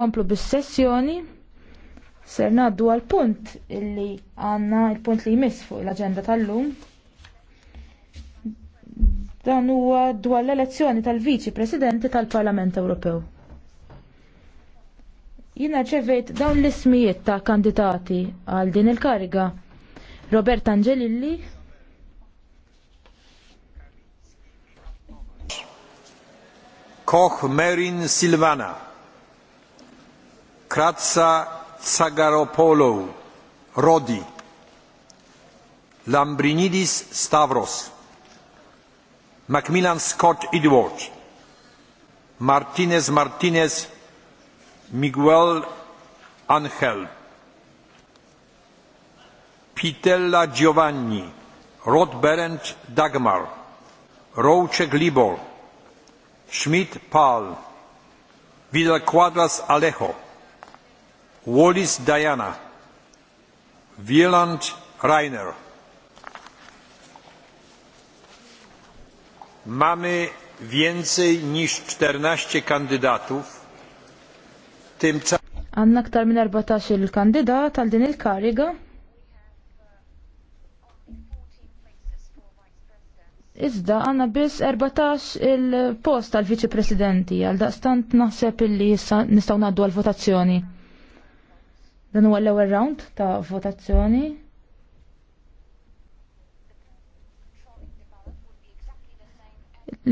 komplu bis-sessjoni ser naddu għal punt illi għanna il-punt li jmiss fuq l-agenda tal-lum. Dan huwa dwar l-elezzjoni tal-Viċi Presidenti tal-Parlament Ewropew. Jina ċevejt dawn l-ismijiet ta' kandidati għal din il-kariga. Robert Angelilli, Koch Merin Silvana. Kratza Tsagaropoulou, Rodi, Lambrinidis Stavros, Macmillan Scott Edward, Martinez Martinez, Miguel Angel, Pitella Giovanni, Rod Berend Dagmar, Rouček Libor, Schmidt Paul, Vidal Quadras Alejo, Wallis Diana, Wieland Reiner. Mamy więcej niż 14 kandydatów. Tym Għanna ktar minn 14 il-kandidat għal din il-kariga. Iżda għanna biss 14 il-post għal viċi presidenti għal daqstant naħseb illi nistaw naddu għal votazzjoni. Dan huwa l-ewwel round ta' votazzjoni.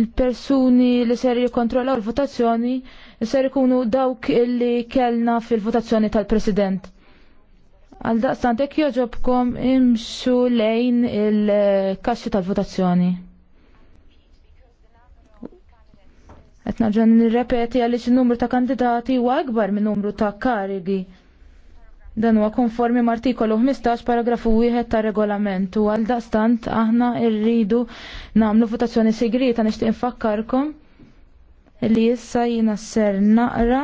il-persuni li ser jikkontrollaw il-votazzjoni ser ikunu dawk illi kellna fil-votazzjoni tal-president. Għal daqstantek joġobkom imxu lejn il-kaxxi tal-votazzjoni. Qed ġan nirrepeti għaliex il-numru ta' kandidati huwa akbar minn numru ta' karigi. Dan huwa konformi mal-artikolu 15 paragrafu 1 ta' regolament u għal daqstant aħna rridu nagħmlu votazzjoni segreta nixtieq infakkarkom li issa jiena ser naqra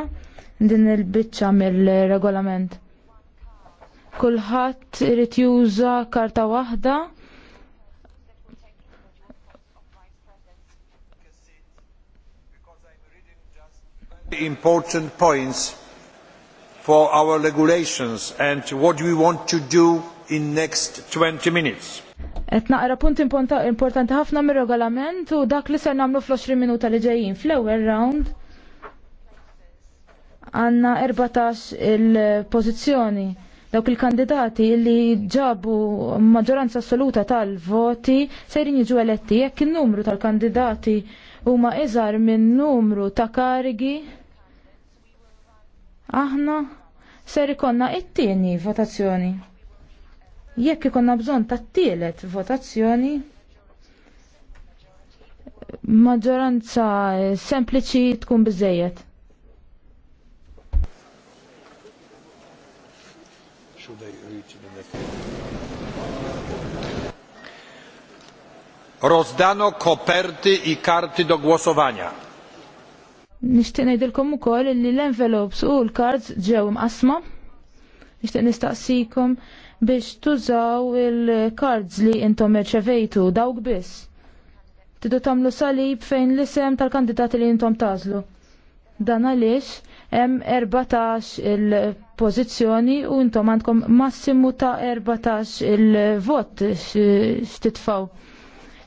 din il-biċċa mill-regolament. Kulħadd irid juża karta waħda important points for our regulations and what we want to do in next 20 minutes. Et naqra punt importanti ħafna mir regolament u dak li ser nagħmlu fl-20 minuta li ġejjin fl-ewwel round għandna 14 il-pożizzjoni dawk il-kandidati li ġabu maġġoranza assoluta tal-voti sejrin jiġu eletti jekk in-numru tal-kandidati huma iżgħar minn numru ta' karigi aħna ser ikonna it-tieni votazzjoni. Jekk ikonna bżonn tat-tielet votazzjoni, maġġoranza eh, sempliċi tkun biżejjed. Rozdano koperty i karty do głosowania. Nixtieq ngħidilkom ukoll li l-envelopes u l-cards ġew imqasma. Nixtieq nistaqsikom biex tużaw il-cards li intom irċevejtu dawk biss. Tidu tagħmlu salib fejn l-isem tal-kandidati li intom tażlu. Dan għaliex hemm 14 il-pożizzjoni u intom għandkom massimu ta' 14 il-vot x'titfgħu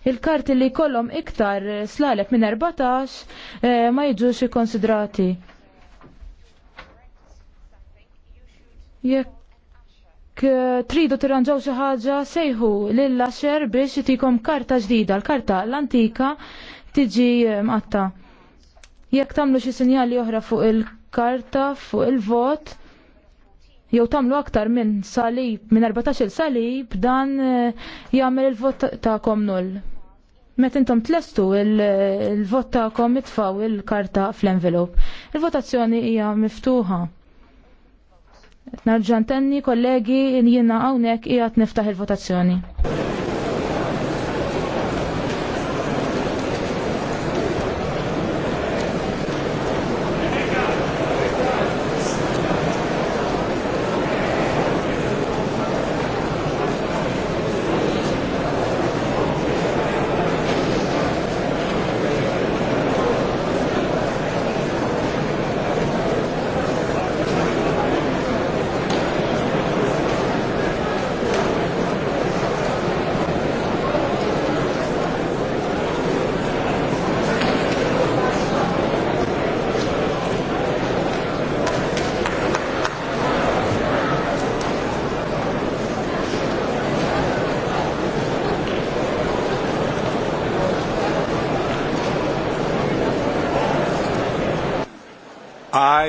il-karti li kollom iktar eh, slalek minn 14 eh, ma jiġux ikkonsidrati. Jekk eh, tridu tirranġaw xi ħaġa sejħu lil xer biex jitikom karta ġdida, l-karta l-antika tiġi mqatta. Jekk tagħmlu xi sinjali oħra fuq il-karta fuq il-vot, jew tagħmlu aktar minn salib minn 14 salib dan jagħmel il-vot ta' null. Met intom tlestu il vota kom itfaw il-karta fl-envelop. Il-votazzjoni hija miftuħa. Narġantenni kollegi jiena hawnhekk jgħat niftaħ il-votazzjoni.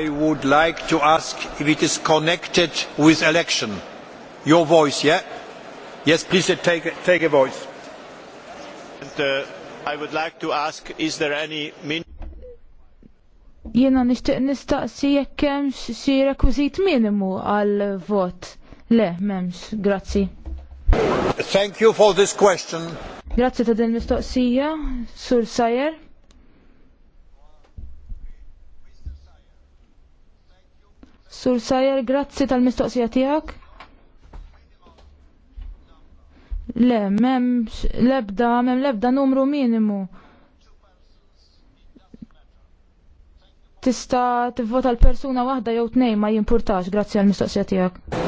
I would like to ask if it is connected with election. Your voice, yeah? Yes, please uh, take, take a voice. And, uh, I would like to ask, is there any... Min Jena nishtiq nistaqsi jekk hemmx xi rekwiżit minimu għal vot. Le, m'hemmx, grazzi. Thank you for this question. Grazzi ta' din mistoqsija, Sur Sayer. Sur Sajer, grazzi tal-mistoqsija tiegħek. Le, mem lebda, mem lebda numru minimu. Tista tivvota l-persuna waħda jew tnejn ma jimpurtax, grazzi għall mistoqsija tiegħek.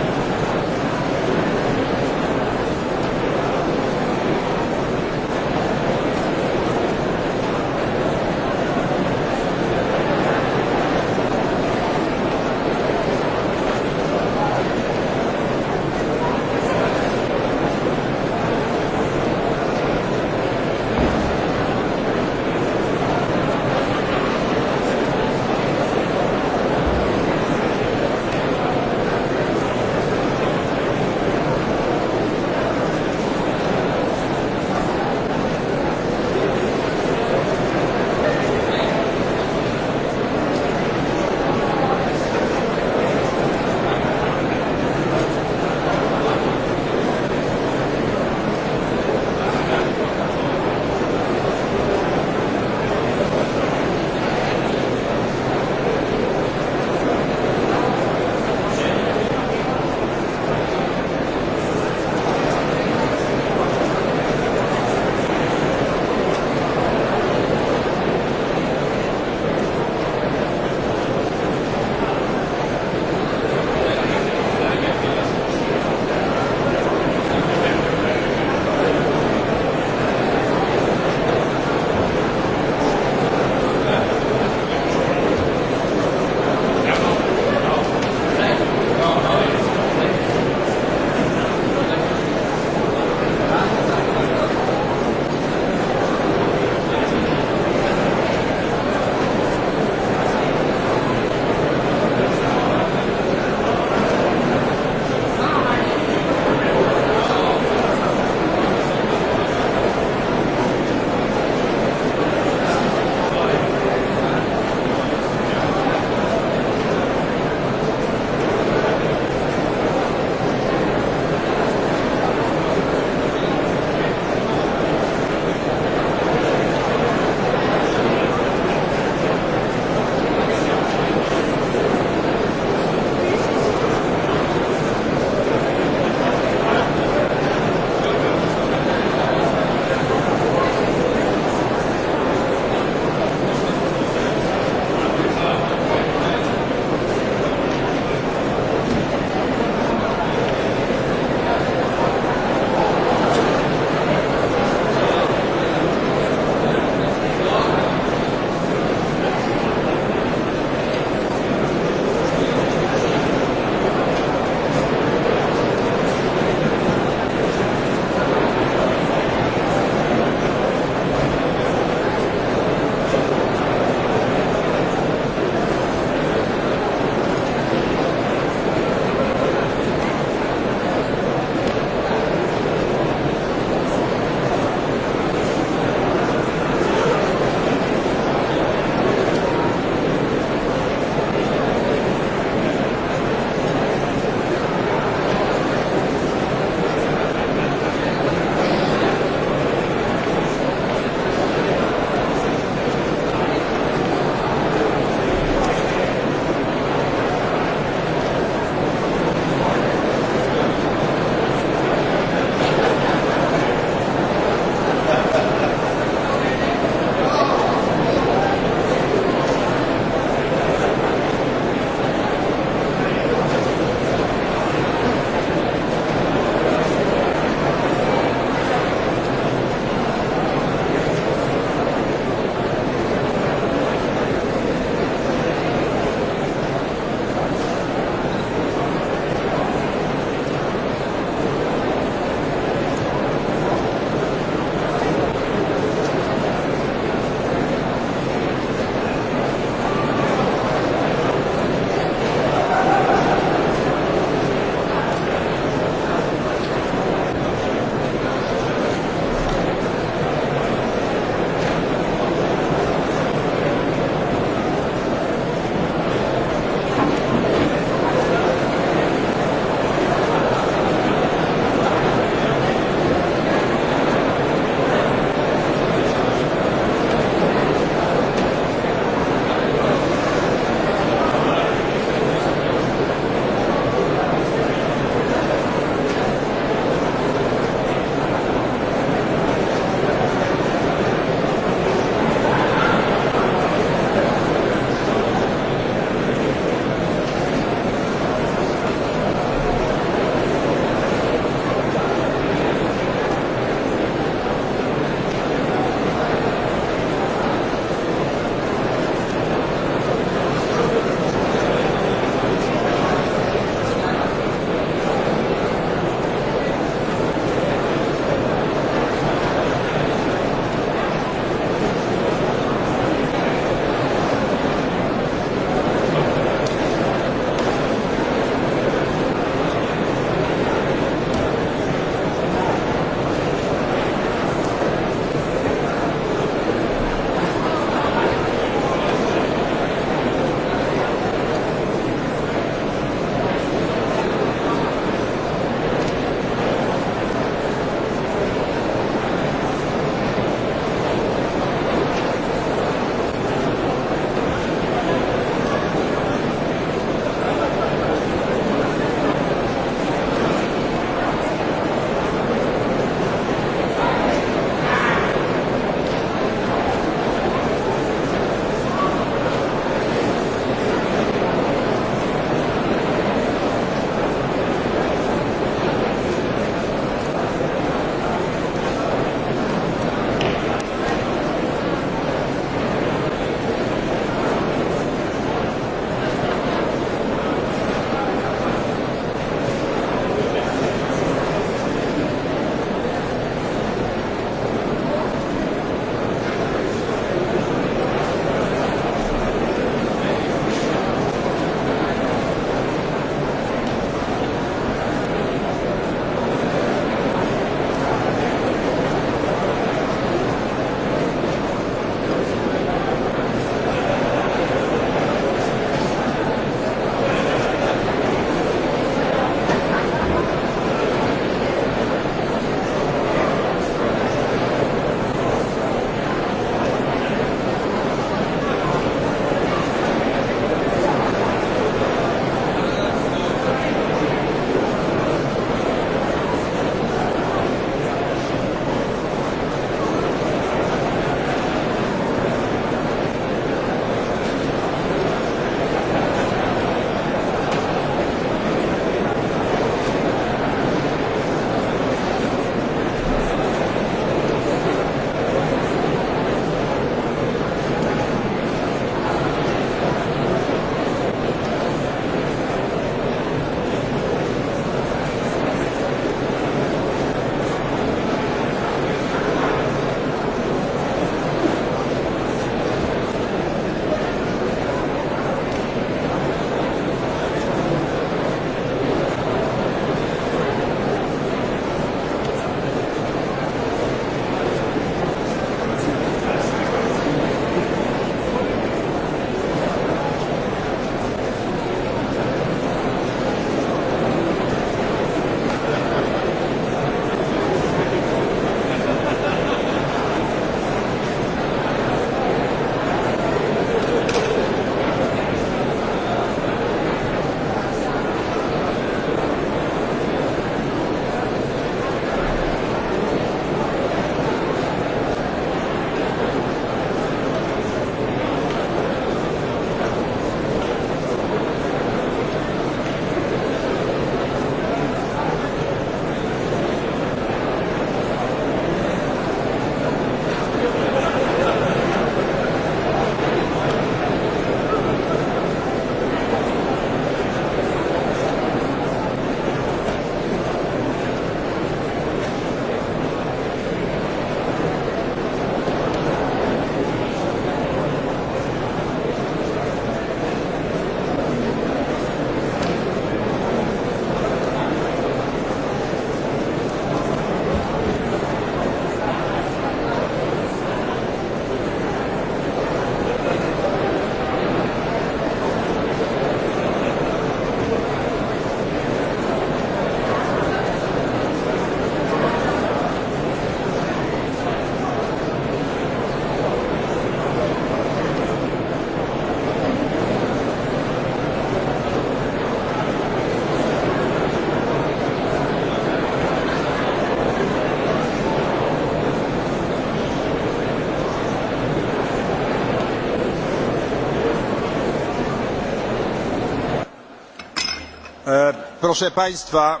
Proszę Państwa,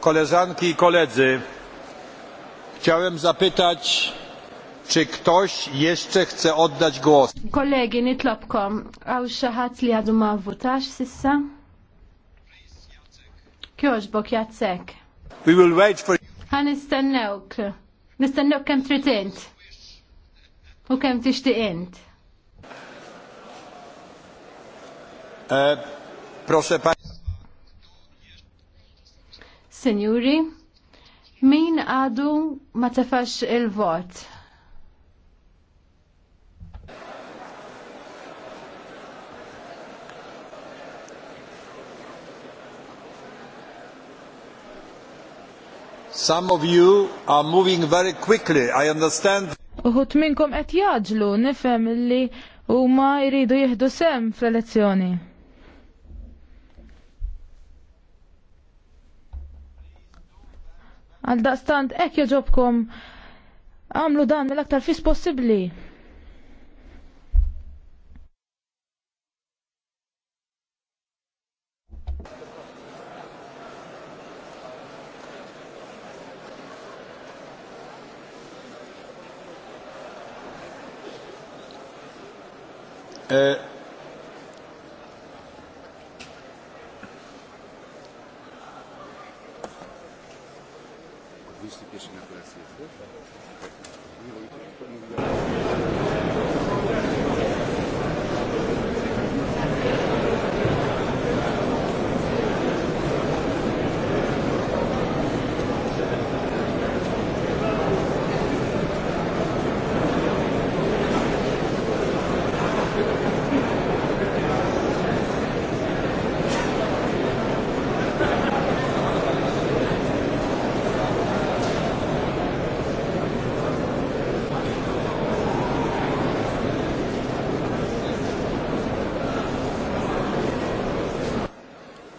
koleżanki i koledzy, chciałem zapytać, czy ktoś jeszcze chce oddać głos? Kolegi, li sissa? bok We will wait for... Nistennewk kem tritint. U kem Uh, proszę Państwa. Senjuri, min għadu ma tafax il-vot? Some of you are moving very quickly, I understand. Uħut minnkom qed jaġlu nifhem li huma jridu jieħdu sem fl-elezzjoni. Għal daqstant, ek joġobkom għamlu dan mill-aktar fis possibli. Uh,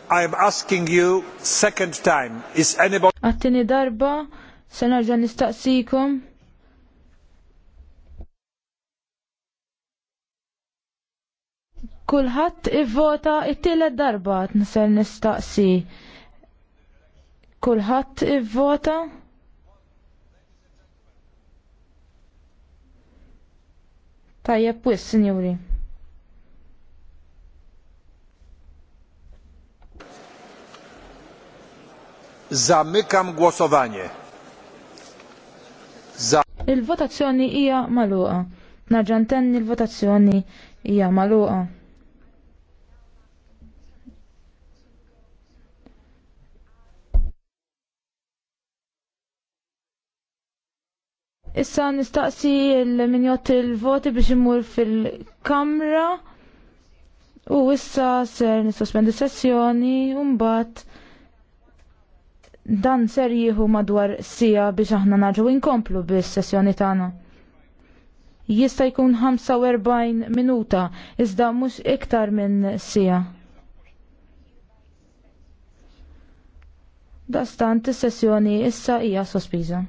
I am asking you second time. Is anybody... Attini darba, se narġa' nistaqsikom. Kulħadd ivvota it-tielet darba se nistaqsi. Kulħadd ivvota? Tajjeb wiss sinjuri. Zamykam głosowanie. Za... Il-votazzjoni hija magħluqa. Narġa' ntenni il-votazzjoni hija magħluqa. Issa nistaqsi l-minjot il-voti biex imur fil-kamra u issa ser nisospendi sessjoni un bat. Dan ser jieħu madwar sija biex aħna naġu inkomplu bis-sessjoni tagħna. Jista' jkun 45 minuta iżda mhux iktar minn sija. Dastant is-sessjoni issa hija sospiża.